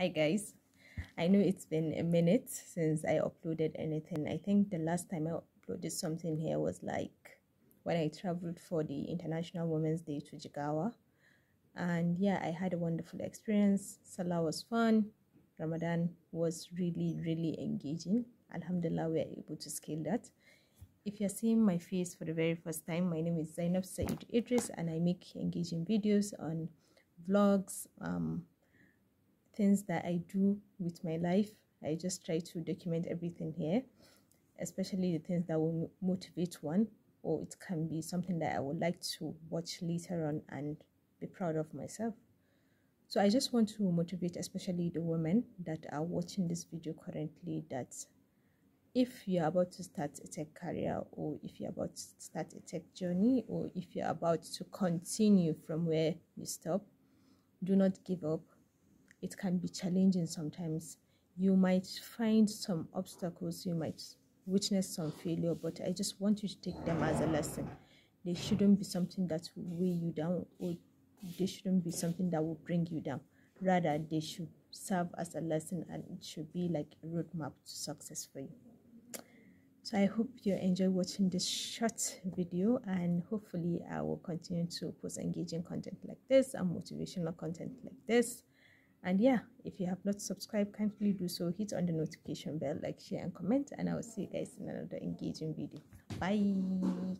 hi guys i know it's been a minute since i uploaded anything i think the last time i uploaded something here was like when i traveled for the international women's day to jigawa and yeah i had a wonderful experience salah was fun ramadan was really really engaging alhamdulillah we are able to scale that if you're seeing my face for the very first time my name is zainab said idris and i make engaging videos on vlogs um things that I do with my life. I just try to document everything here, especially the things that will motivate one, or it can be something that I would like to watch later on and be proud of myself. So I just want to motivate, especially the women that are watching this video currently, that if you're about to start a tech career, or if you're about to start a tech journey, or if you're about to continue from where you stop, do not give up it can be challenging sometimes. You might find some obstacles, you might witness some failure, but I just want you to take them as a lesson. They shouldn't be something that will weigh you down, or they shouldn't be something that will bring you down. Rather, they should serve as a lesson and it should be like a roadmap to success for you. So I hope you enjoy watching this short video and hopefully I will continue to post engaging content like this and motivational content like this and yeah if you have not subscribed kindly do so hit on the notification bell like share and comment and i will see you guys in another engaging video bye